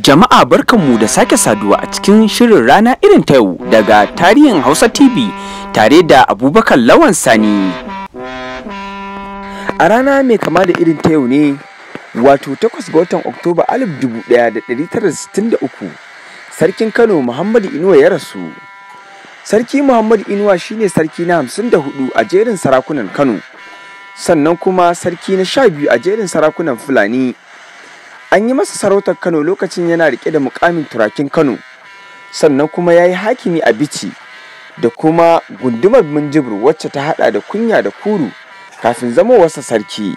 Jama'a barkanmu da sake saduwa a cikin shirin rana irin ta yau daga tarihin Hausa TV tare da Abubakar Lawan Sani. A rana mai kama da irin ta yau ne wato 8 ga watan Oktoba 1963 Sarkin Kano Muhammadu Inuwa ya rasu. Sarki Muhammadu Inuwa shine sarki na 54 a jerin sarakunan Kano. Sannan kuma sarki na 12 a jerin sarakunan Fulani. an yi masa sarautar kano lokacin yana rike da mukamin turakin kano sannan kuma ya yi hakimi a bici da kuma gundumar minjibir wacce ta hada da kunya da kuru kafin zama wasa sarki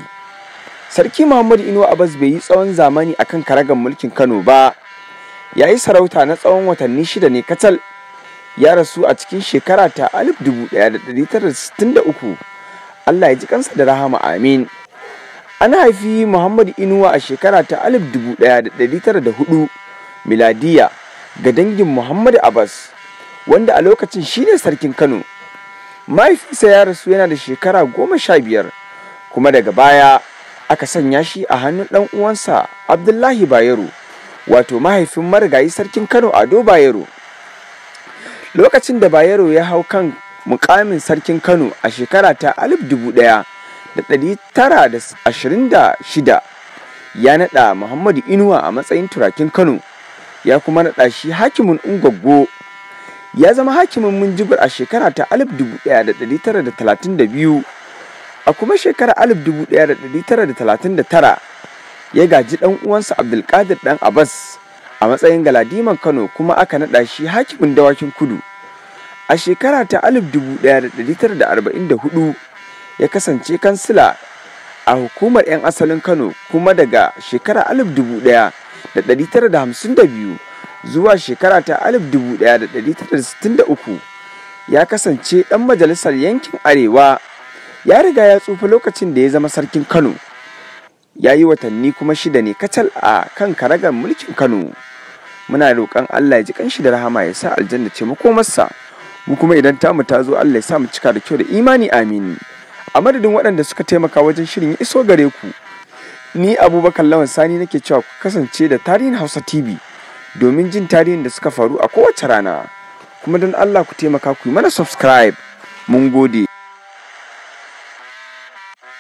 sarki muhammadu inuwa abbas bai yi tsawon zamani a kan karagan mulkin kano ba ya yi sarauta na tsawon watanni shida ne kacal ya rasu a cikin shekara ta 1963 allah ya ji kansa da rahama amin An haifi Muhammad Inuwa a shekara ta 1904 miladiya ga dangin Muhammad Abbas wanda a lokacin shine sarkin Kano. Mahaifinsa ya rasu yana da shekara goma sha biyar kuma daga baya aka sanya shi a hannun dan uwansa Abdullahi Bayero wato mahaifin marigayi sarkin Kano Ado Bayero. Lokacin da Bayero ya hau kan mukamin sarkin Kano a shekara ta alif dubu ɗaya. 1926 ya naɗa Muhammadu Inuwa a matsayin turakin Kano ya kuma naɗa shi hakimin Ungwaggo ya zama hakimin munjibir a shekara ta 1932 a kuma shekara 1939 ya gaji ɗan uwansa Abdulkadir ɗan Abbas a matsayin galadiman Kano kuma aka naɗa shi hakimin dawakin kudu a shekara ta 1944 ya kasance kansila a hukumar 'yan asalin Kano kuma daga shekara 1952 zuwa shekara ta 1963 ya kasance ɗan majalisar yankin Arewa ya riga ya tsufa lokacin da ya zama sarkin Kano. Ya yi watanni kuma shida ne kacal a kan karagar mulkin Kano. Muna roƙon Allah ya ji kanshi da rahama ya sa aljanna ce makomarsa. Mu kuma idan tamu ta zo Allah ya sa mu cika da kyau da imani amini. a madadin waɗanda suka taimaka wajen shirin ya iso gare ku ni abubakar lawan sani nake cewa ku kasance da tarihin hausa tv domin jin tarihin da suka faru a kowace rana kuma don allah ku taimaka ku yi mana subscribe mun gode